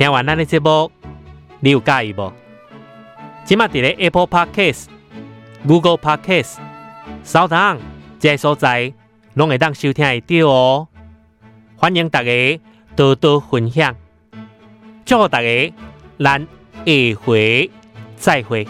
聽完咱的節目，你有介意不？即刻在，在 Apple Podcast、Google Podcast、SoundOn 這些所在，攏會當收聽得到哦。歡迎大家多多分享，祝大家，咱下回再會。